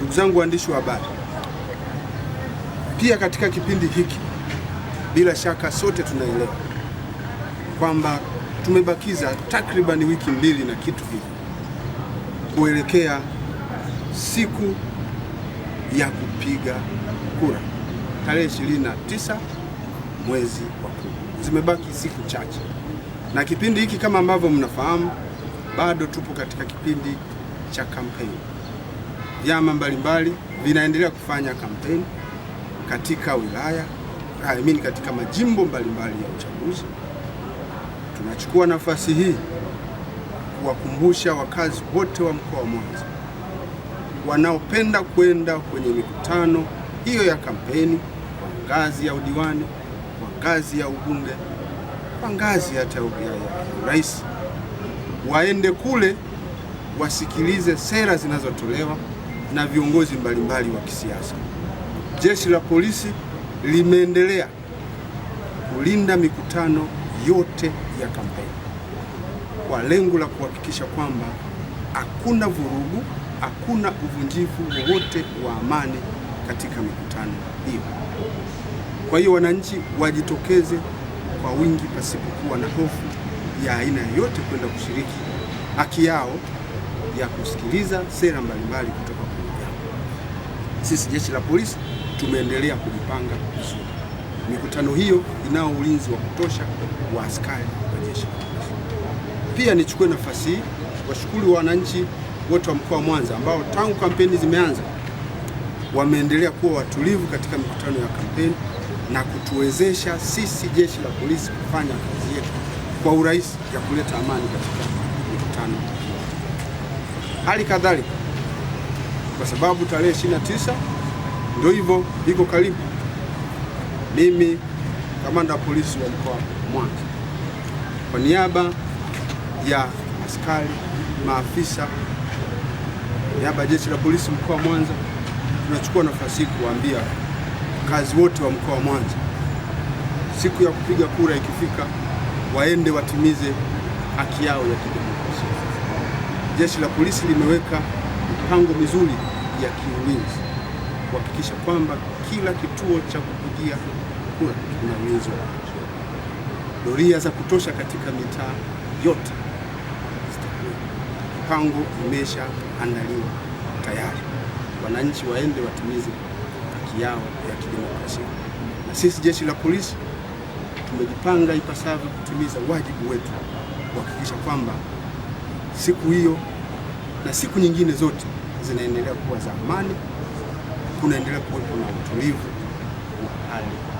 Ndugu zangu waandishi wa habari, pia katika kipindi hiki bila shaka sote tunaelewa kwamba tumebakiza takribani wiki mbili na kitu hivi kuelekea siku ya kupiga kura tarehe 29 mwezi wa kumi. Zimebaki siku chache, na kipindi hiki kama ambavyo mnafahamu, bado tupo katika kipindi cha kampeni vyama mbalimbali vinaendelea kufanya kampeni katika wilaya I mean, katika majimbo mbalimbali mbali ya uchaguzi. Tunachukua nafasi hii kuwakumbusha wakazi wote wa mkoa wa Mwanza wanaopenda kwenda kwenye mikutano hiyo ya kampeni kwa ngazi ya udiwani, kwa ngazi ya ubunge, kwa ngazi hata ya urais, waende kule wasikilize sera zinazotolewa na viongozi mbalimbali wa kisiasa. Jeshi la polisi limeendelea kulinda mikutano yote ya kampeni kwa lengo la kuhakikisha kwamba hakuna vurugu, hakuna uvunjifu wowote wa amani katika mikutano hiyo. Kwa hiyo wananchi wajitokeze kwa wingi pasipokuwa na hofu ya aina yoyote kwenda kushiriki haki yao ya kusikiliza sera mbalimbali kutoka sisi jeshi la polisi tumeendelea kujipanga vizuri. Mikutano hiyo inao ulinzi wa kutosha wa askari wa jeshi la polisi. Pia nichukue nafasi hii washukuru wananchi wote wa mkoa wa Mwanza ambao tangu kampeni zimeanza wameendelea kuwa watulivu katika mikutano ya kampeni na kutuwezesha sisi jeshi la polisi kufanya kazi yetu kwa urahisi ya kuleta amani katika mikutano. Hali kadhalika kwa sababu tarehe 29 ndio hivyo iko karibu. Mimi kamanda wa polisi wa mkoa Mwanza, kwa niaba ya askari maafisa, niaba ya jeshi la polisi mkoa wa Mwanza, tunachukua nafasi hii kuwaambia wakazi wote wa mkoa wa Mwanza, siku ya kupiga kura ikifika, waende watimize haki yao ya kidemokrasia. Jeshi la polisi limeweka mipango mizuri ya kiulinzi kuhakikisha kwamba kila kituo cha kupigia kura kina ulinzi Doria za kutosha katika mitaa yote zitakuwa. Mipango imeshaandaliwa tayari, wananchi waende watumize haki yao ya kidemokrasia, na sisi jeshi la polisi tumejipanga ipasavyo kutimiza wajibu wetu kuhakikisha kwamba siku hiyo na siku nyingine zote zinaendelea kuwa za amani, kunaendelea kuwepo na utulivu wa hali